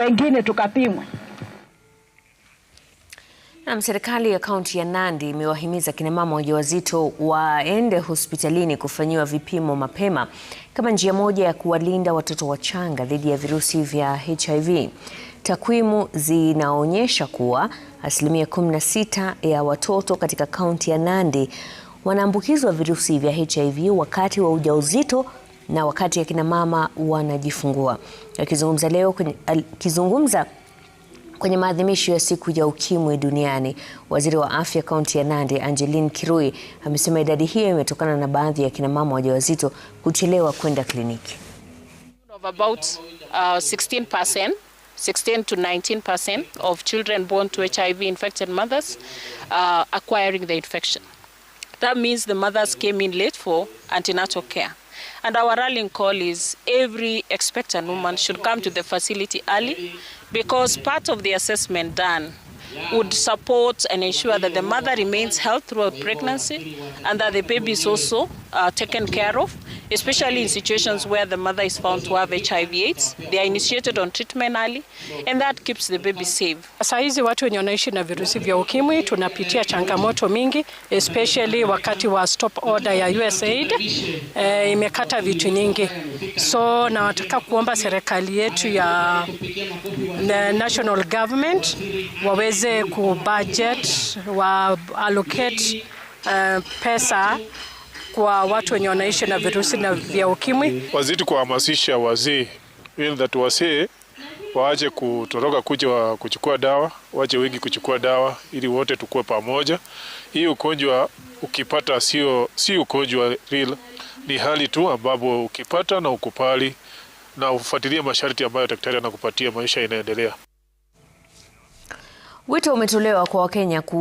wengine tukapimwe. Na serikali ya kaunti ya Nandi imewahimiza kina mama wajawazito waende hospitalini kufanyiwa vipimo mapema kama njia moja ya kuwalinda watoto wachanga dhidi ya virusi vya HIV. Takwimu zinaonyesha kuwa asilimia 16 ya watoto katika kaunti ya Nandi wanaambukizwa virusi vya HIV wakati wa ujauzito na wakati akina mama wanajifungua. Akizungumza leo kwenye, akizungumza kwenye maadhimisho ya siku ya ukimwi duniani, waziri wa afya kaunti ya Nandi Angeline Kirui amesema idadi hiyo imetokana na baadhi ya kina mama wajawazito kuchelewa kwenda kliniki. Of about, uh, 16%, 16 to 19% of children born to HIV infected mothers uh, acquiring the infection. That means the mothers came in late for antenatal care. And our rallying call is every expectant woman should come to the facility early because part of the assessment done would support and ensure that the mother remains healthy throughout pregnancy and that the baby is also uh, taken care of, especially in situations where the mother is found to have HIV AIDS. They are initiated on treatment early and that keeps the baby safe. Saa hizi watu wenye wanaishi na virusi vya ukimwi tunapitia changamoto mingi, especially wakati wa stop order ya USAID eh, imekata vitu nyingi, so nataka kuomba serikali yetu ya eh, national government waweze waweze budget wa allocate uh, pesa kwa watu wenye wanaishi na virusi na vya ukimwi. Wazidi kuhamasisha wazee ili that wazee waache kutoroka kuja kuchukua dawa, wache wengi kuchukua dawa ili wote tukue pamoja. Hii ugonjwa ukipata, sio si ugonjwa real, ni hali tu ambapo ukipata na ukupali na ufuatilie masharti ambayo daktari anakupatia, maisha inaendelea. Wito umetolewa kwa Wakenya ku